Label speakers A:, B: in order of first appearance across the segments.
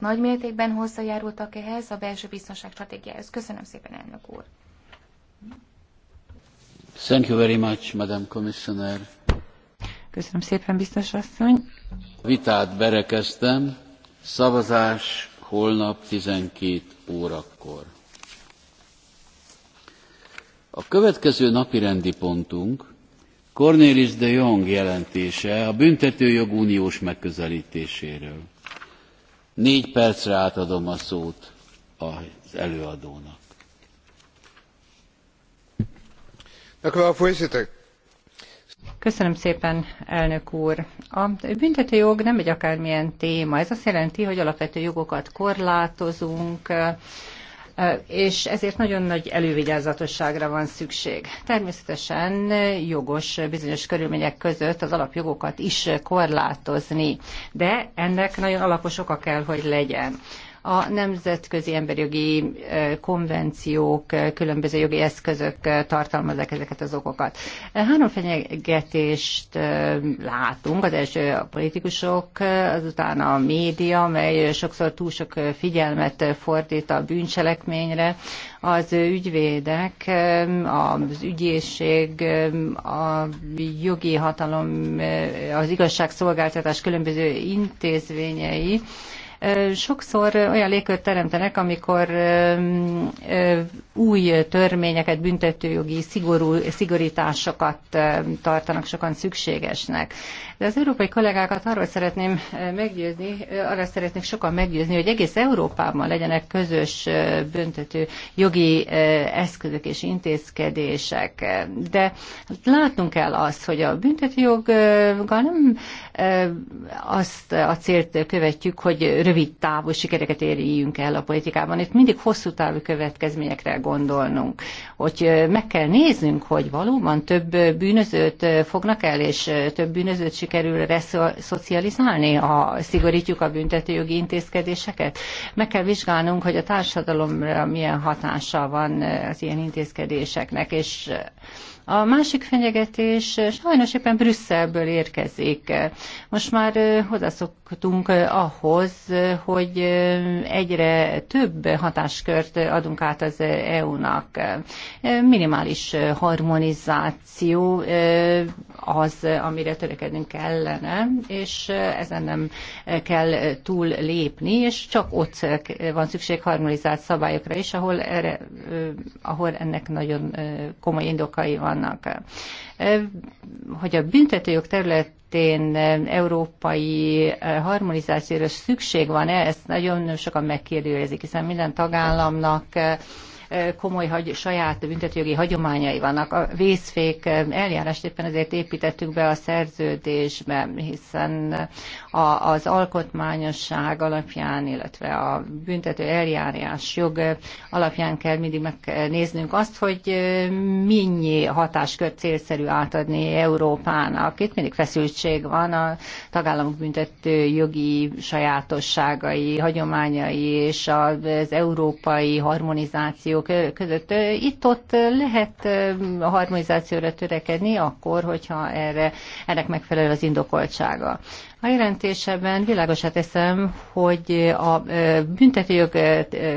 A: nagy mértékben hozzájárultak ehhez a belső biztonság stratégiához. Köszönöm szépen, elnök úr! Thank you very much, Madam Commissioner. Köszönöm szépen, biztos asszony. Vitát berekeztem. Szavazás holnap 12 órakor. A következő napirendi pontunk Cornelis de Jong jelentése a büntetőjog uniós megközelítéséről. Négy percre átadom a szót az előadónak.
B: Köszönöm szépen, elnök úr. A büntetőjog nem egy akármilyen téma. Ez azt jelenti, hogy alapvető jogokat korlátozunk, és ezért nagyon nagy elővigyázatosságra van szükség. Természetesen jogos bizonyos körülmények között az alapjogokat is korlátozni, de ennek nagyon alapos oka kell, hogy legyen a nemzetközi emberjogi konvenciók, különböző jogi eszközök tartalmazzák ezeket az okokat. Három fenyegetést látunk, az első a politikusok, azután a média, mely sokszor túl sok figyelmet fordít a bűncselekményre, az ügyvédek, az ügyészség, a jogi hatalom, az igazságszolgáltatás különböző intézményei, sokszor olyan légkört teremtenek, amikor új törvényeket, büntetőjogi szigorú, szigorításokat tartanak sokan szükségesnek. De az európai kollégákat arról szeretném meggyőzni, arra szeretnék sokan meggyőzni, hogy egész Európában legyenek közös büntető jogi eszközök és intézkedések. De látnunk kell azt, hogy a büntetőjoggal nem azt a célt követjük, hogy rövid távú sikereket érjünk el a politikában. Itt mindig hosszú távú következményekre gondolnunk. Hogy meg kell néznünk, hogy valóban több bűnözőt fognak el, és több bűnözőt sikerül reszocializálni, ha szigorítjuk a büntetőjogi intézkedéseket. Meg kell vizsgálnunk, hogy a társadalomra milyen hatása van az ilyen intézkedéseknek, és a másik fenyegetés eh, sajnos éppen Brüsszelből érkezik. Most már eh, hozzászoktunk eh, ahhoz, hogy egyre több hatáskört adunk át az EU-nak. Minimális harmonizáció az, amire törekednünk kellene, és ezen nem kell túl lépni, és csak ott van szükség harmonizált szabályokra is, ahol, erre, ahol ennek nagyon komoly indokai van vannak. Hogy a büntetőjog terület területén európai harmonizációra szükség van-e, ezt nagyon sokan megkérdőjelezik, hiszen minden tagállamnak komoly hagy, saját büntetőjogi hagyományai vannak. A vészfék eh, eljárást éppen ezért építettük be a szerződésbe, hiszen a, az alkotmányosság alapján, illetve a büntető eljárás jog alapján kell mindig megnéznünk azt, hogy eh, minnyi hatáskört célszerű átadni Európának. Itt mindig feszültség van a tagállamok büntető jogi sajátosságai, hagyományai és az európai harmonizáció régiók között. Itt-ott lehet a harmonizációra törekedni akkor, hogyha erre, ennek megfelel az indokoltsága. A jelentésében világosá teszem, hogy a büntetőjog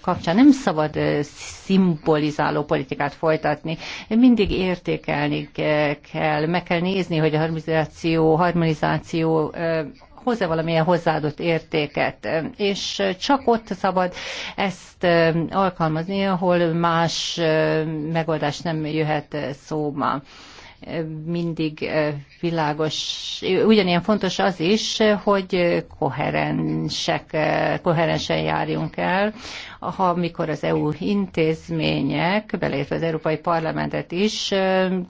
B: kapcsán nem szabad szimbolizáló politikát folytatni. Mindig értékelni kell, meg kell nézni, hogy a harmonizáció, harmonizáció hozzá valamilyen hozzáadott értéket, és csak ott szabad ezt alkalmazni, ahol más megoldás nem jöhet szóba mindig világos. Ugyanilyen fontos az is, hogy koherensek, koherensen járjunk el, ha amikor az EU intézmények, beleértve az Európai Parlamentet is,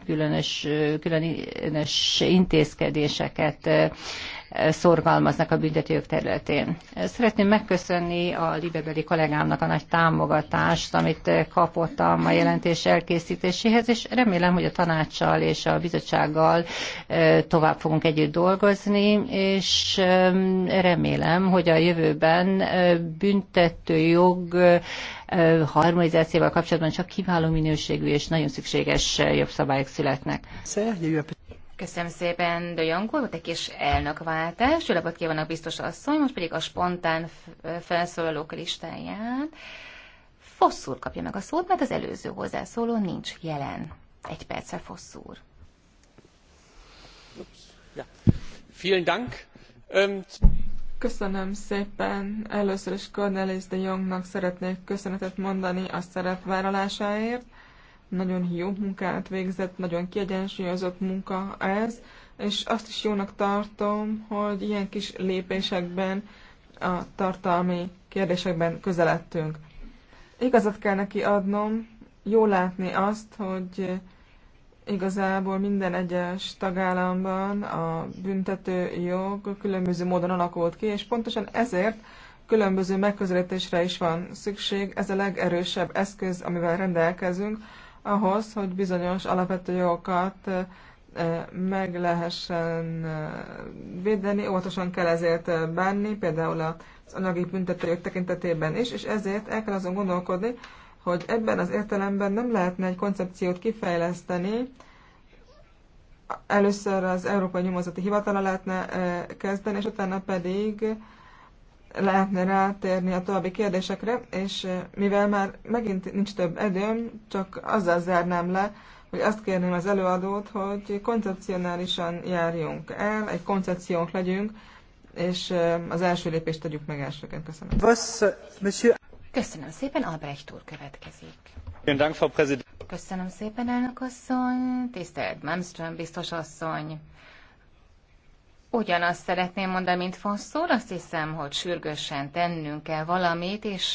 B: különös, különös intézkedéseket szorgalmaznak a büntetőjog területén. Szeretném megköszönni a libebeli kollégámnak a nagy támogatást, amit kapott a mai jelentés elkészítéséhez, és remélem, hogy a tanácssal és a bizottsággal tovább fogunk együtt dolgozni, és remélem, hogy a jövőben büntetőjog harmonizációval kapcsolatban csak kiváló minőségű és nagyon szükséges jobb szabályok születnek.
A: Köszönöm szépen, de Jankó, volt egy kis elnökváltás. Jó napot kívánok, biztos asszony, most pedig a spontán felszólalók listáján. Fosszúr kapja meg a szót, mert az előző hozzászóló nincs jelen. Egy perce Fosszúr.
B: Ja. Vielen Dank. Um...
C: Köszönöm szépen. Először is Cornelis de Jongnak szeretnék köszönetet mondani a szerepvállalásáért nagyon jó munkát végzett, nagyon kiegyensúlyozott munka ez, és azt is jónak tartom, hogy ilyen kis lépésekben, a tartalmi kérdésekben közeledtünk. Igazat kell neki adnom, jó látni azt, hogy igazából minden egyes tagállamban a büntető jog különböző módon alakult ki, és pontosan ezért különböző megközelítésre is van szükség. Ez a legerősebb eszköz, amivel rendelkezünk, ahhoz, hogy bizonyos alapvető jogokat meg lehessen védeni, óvatosan kell ezért bánni, például az anyagi büntetőjog tekintetében is, és ezért el kell azon gondolkodni, hogy ebben az értelemben nem lehetne egy koncepciót kifejleszteni, először az Európai Nyomozati Hivatala lehetne kezdeni, és utána pedig lehetne rátérni a további kérdésekre, és eh, mivel már megint nincs több edőm, csak azzal zárnám le, hogy azt kérném az előadót, hogy koncepcionálisan járjunk el, egy koncepciónk legyünk, és eh, az első lépést tegyük meg elsőként. Köszönöm. Köszönöm szépen, Albrecht úr következik.
A: Köszönöm szépen, elnök asszony, tisztelt Malmström biztos asszony. Ugyanazt szeretném mondani, mint Fonszor, azt hiszem, hogy sürgősen tennünk kell valamit, és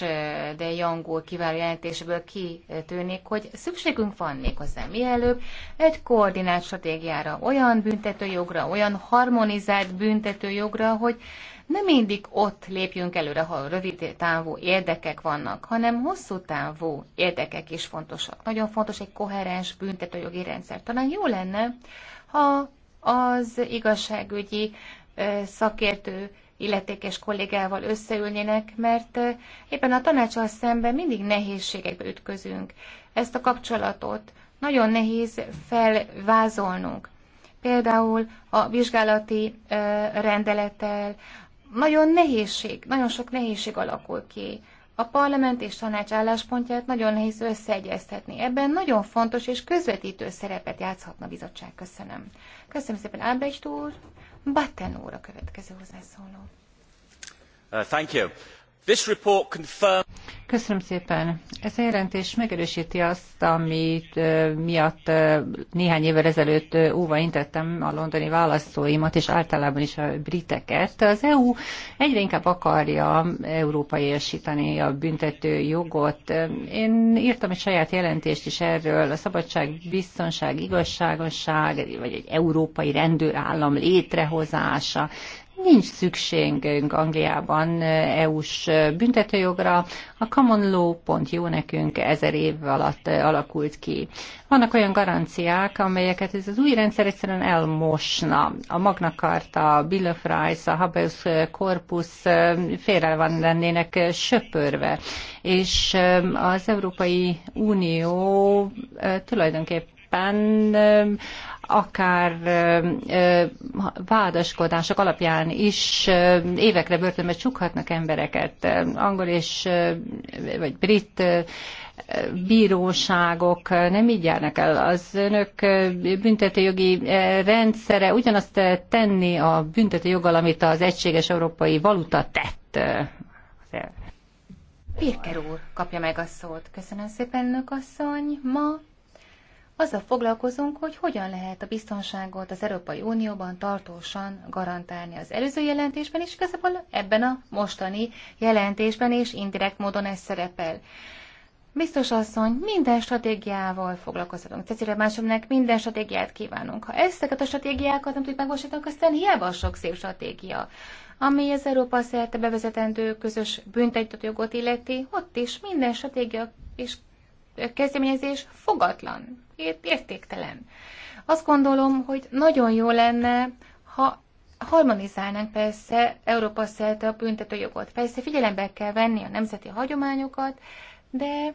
A: de Jangul kiváló jelentésből kitűnik, hogy szükségünk van méghozzá mielőbb egy koordinált stratégiára, olyan büntetőjogra, olyan harmonizált büntetőjogra, hogy nem mindig ott lépjünk előre, ha rövid távú érdekek vannak, hanem hosszú távú érdekek is fontosak. Nagyon fontos egy koherens büntetőjogi rendszer. Talán jó lenne, ha az igazságügyi szakértő illetékes kollégával összeülnének, mert éppen a tanácsal szemben mindig nehézségekbe ütközünk. Ezt a kapcsolatot nagyon nehéz felvázolnunk. Például a vizsgálati rendelettel nagyon nehézség, nagyon sok nehézség alakul ki a parlament és tanács álláspontját nagyon nehéz összeegyeztetni. Ebben nagyon fontos és közvetítő szerepet játszhatna a bizottság. Köszönöm. Köszönöm szépen Ábrecht úr. Batten úr a következő hozzászóló.
B: Uh, thank you. Köszönöm szépen. Ez a jelentés megerősíti azt, amit miatt néhány évvel ezelőtt óva intettem a londoni választóimat, és általában is a briteket. Az EU egyre inkább akarja esíteni a büntető jogot. Én írtam egy saját jelentést is erről, a szabadság, biztonság, igazságosság, vagy egy európai rendőrállam létrehozása nincs szükségünk Angliában eh, EU-s eh, büntetőjogra. A common law pont jó nekünk ezer év alatt eh, alakult ki. Vannak olyan garanciák, amelyeket ez az új rendszer egyszerűen elmosna. A Magna Carta, a Bill of Rights, a habeus corpus félre van lennének söpörve. És az Európai Unió tulajdonképpen akár vádaskodások alapján is évekre börtönbe csukhatnak embereket. Angol és vagy brit bíróságok nem így járnak el. Az önök büntetőjogi rendszere ugyanazt tenni a büntetőjoggal, amit az egységes európai valuta tett.
A: Pirker úr kapja meg a szót. Köszönöm szépen, nök asszony. Ma azzal foglalkozunk, hogy hogyan lehet a biztonságot az Európai Unióban tartósan garantálni az előző jelentésben, és igazából ebben a mostani jelentésben és indirekt módon ez szerepel. Biztos asszony, minden stratégiával foglalkozhatunk. Cecilia másomnak minden stratégiát kívánunk. Ha ezeket a stratégiákat nem tudjuk megvalósítani, aztán hiába a sok szép stratégia. Ami az Európa szerte bevezetendő közös büntetőjogot illeti, ott is minden stratégia és kezdeményezés fogatlan, értéktelen. Azt gondolom, hogy nagyon jó lenne, ha harmonizálnánk persze Európa szerte a büntetőjogot. Persze figyelembe kell venni a nemzeti hagyományokat, de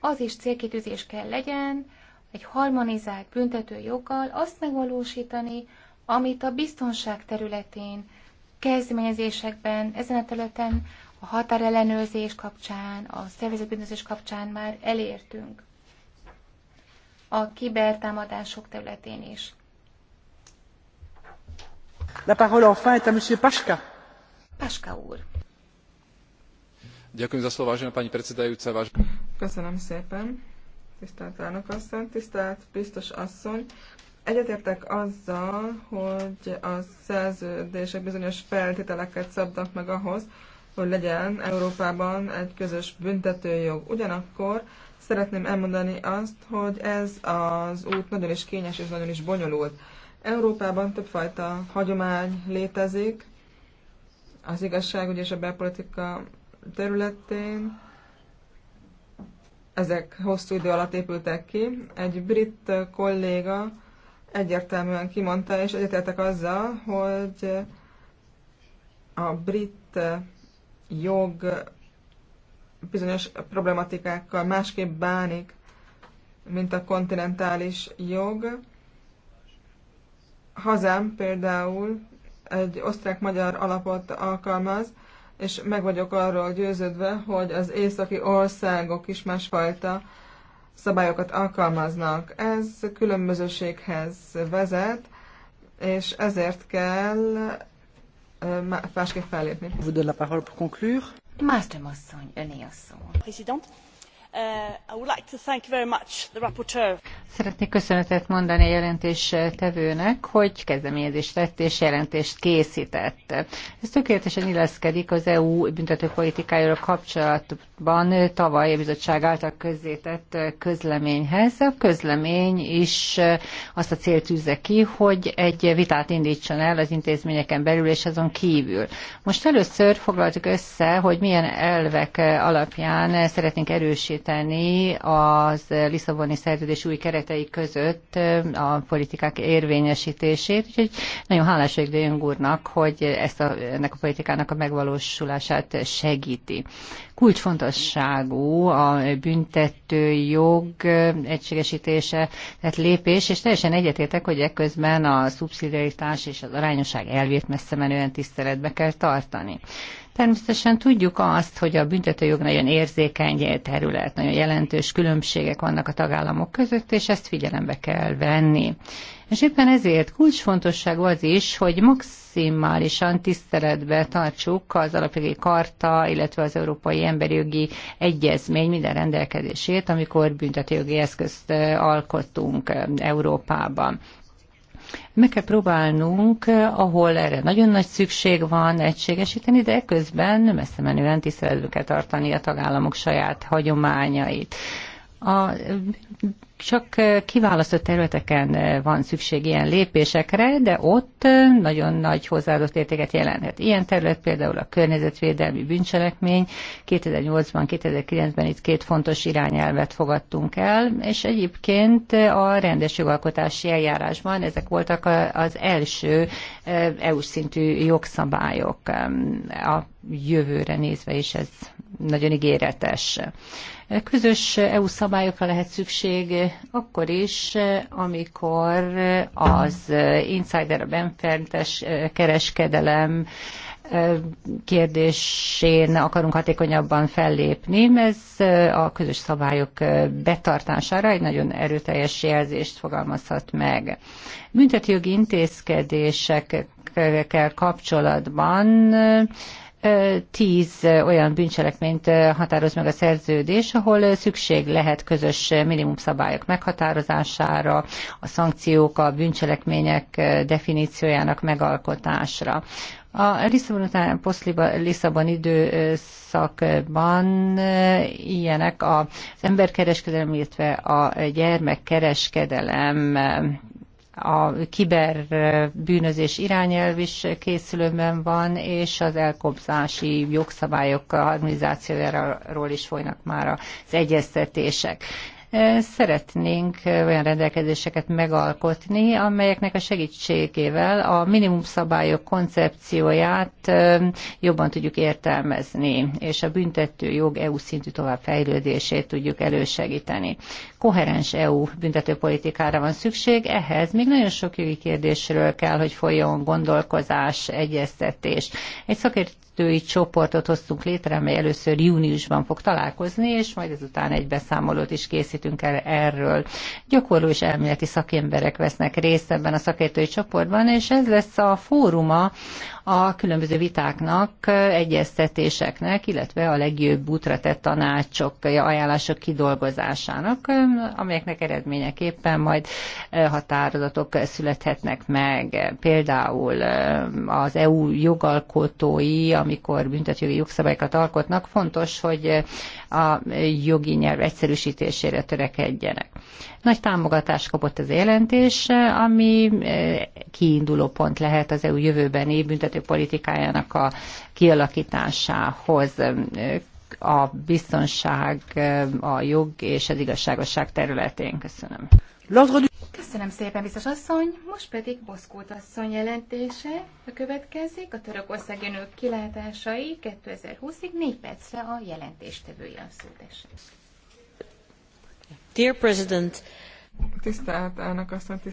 A: az is célkitűzés kell legyen, egy harmonizált büntetőjoggal azt megvalósítani, amit a biztonság területén, kezdeményezésekben, ezen a területen a határellenőrzés kapcsán, a szervezetbűnözés kapcsán már elértünk a kibertámadások területén is.
C: La parole enfin est à monsieur Paška.
A: Paška úr. Ďakujem za slovo, vážená pani predsedajúca. Váž...
C: Köszönöm szépen, tisztelt elnök asszony, tisztelt biztos asszony. Egyetértek azzal, hogy a szerződések bizonyos feltételeket szabnak meg ahhoz, hogy legyen Európában egy közös büntetőjog. Ugyanakkor szeretném elmondani azt, hogy ez az út nagyon is kényes és nagyon is bonyolult. Európában többfajta hagyomány létezik, az igazság és a belpolitika területén. Ezek hosszú idő alatt épültek ki. Egy brit kolléga egyértelműen kimondta, és egyetértek azzal, hogy a brit jog bizonyos problematikákkal másképp bánik, mint a kontinentális jog. Hazám például egy osztrák-magyar alapot alkalmaz, és meg vagyok arról győződve, hogy az északi országok is másfajta szabályokat alkalmaznak. Ez különbözőséghez vezet, és ezért kell másképp fellépni. Vous donne la parole pour conclure. Mástrom asszony, öné a szó.
A: uh, I would like to thank very much the rapporteur.
B: Szeretnék köszönetet mondani a jelentés hogy kezdeményezést tett és jelentést készített. Ez tökéletesen illeszkedik az EU büntetőpolitikájára kapcsolatban tavaly a bizottság által közzétett közleményhez. A közlemény is azt a célt tűzze ki, hogy egy vitát indítson el az intézményeken belül és azon kívül. Most először foglaltuk össze, hogy milyen elvek alapján szeretnénk erősíteni az Lisszaboni szerződés új keretében keretei között a politikák érvényesítését, úgyhogy nagyon hálás vagyok Dőjön úrnak, hogy ezt a, ennek a politikának a megvalósulását segíti. Kulcsfontosságú a büntető jog egységesítése, tehát lépés, és teljesen egyetértek, hogy ekközben a szubszidiaritás és az arányosság elvét messze menően tiszteletbe kell tartani. Természetesen tudjuk azt, hogy a büntetőjog nagyon érzékeny terület, nagyon jelentős különbségek vannak a tagállamok között, és ezt figyelembe kell venni. És éppen ezért kulcsfontosság az is, hogy maximálisan tiszteletbe tartsuk az alapjogi karta, illetve az Európai Emberi Jogi Egyezmény minden rendelkezését, amikor büntetőjogi eszközt alkottunk Európában. Meg kell próbálnunk, eh, ahol erre nagyon nagy szükség van, egységesíteni, de közben messze menően tiszteletben kell tartani a tagállamok saját hagyományait. A, csak kiválasztott területeken van szükség ilyen lépésekre, de ott nagyon nagy hozzáadott értéket jelenthet. Ilyen terület például a környezetvédelmi bűncselekmény. 2008-ban, 2009-ben itt két fontos irányelvet fogadtunk el, és egyébként a rendes jogalkotási eljárásban ezek voltak az első e, EU-s szintű jogszabályok. A jövőre nézve is ez nagyon ígéretes. Közös EU szabályokra lehet szükség akkor is, amikor az insider, a benfentes kereskedelem kérdésén akarunk hatékonyabban fellépni. Ez a közös szabályok betartására egy nagyon erőteljes jelzést fogalmazhat meg. Büntetőjogi intézkedésekkel kapcsolatban tíz olyan bűncselekményt határoz meg a szerződés, ahol szükség lehet közös minimum szabályok meghatározására, a szankciók, a bűncselekmények definíciójának megalkotásra. A Lisszabon után Lisszabon időszakban ilyenek az emberkereskedelem, illetve a gyermekkereskedelem a kiberbűnözés irányelv is készülőben van, és az elkobzási jogszabályok harmonizációjáról is folynak már az egyeztetések. Szeretnénk olyan rendelkezéseket megalkotni, amelyeknek a segítségével a minimum szabályok koncepcióját jobban tudjuk értelmezni, és a büntető jog EU szintű továbbfejlődését tudjuk elősegíteni. Koherens EU büntetőpolitikára van szükség, ehhez még nagyon sok jogi kérdésről kell, hogy folyjon gondolkozás, egyeztetés. Egy szakértői csoportot hoztunk létre, amely először júniusban fog találkozni, és majd ezután egy beszámolót is készít készítünk el erről. Gyakorló és elméleti szakemberek vesznek részt ebben a szakértői csoportban, és ez lesz a fóruma a különböző vitáknak, egyeztetéseknek, illetve a legjobb útra tett tanácsok, ajánlások kidolgozásának, amelyeknek eredményeképpen majd e, határozatok születhetnek meg. Például e, az EU jogalkotói, amikor büntetjogi jogszabályokat alkotnak, fontos, hogy e, a jogi nyelv egyszerűsítésére törekedjenek. Nagy támogatást kapott ez a jelentés, ami eh, kiinduló pont lehet az EU jövőbeni politikájának a kialakításához eh, a biztonság, eh, a jog és az igazságosság területén.
A: Köszönöm. Köszönöm szépen, biztos asszony. Most pedig Boszkót asszony jelentése. A következik a törökországi nők kilátásai 2020-ig 4 percre a jelentéstevője a szót
C: Dear President, Tisztelt elnök asszony,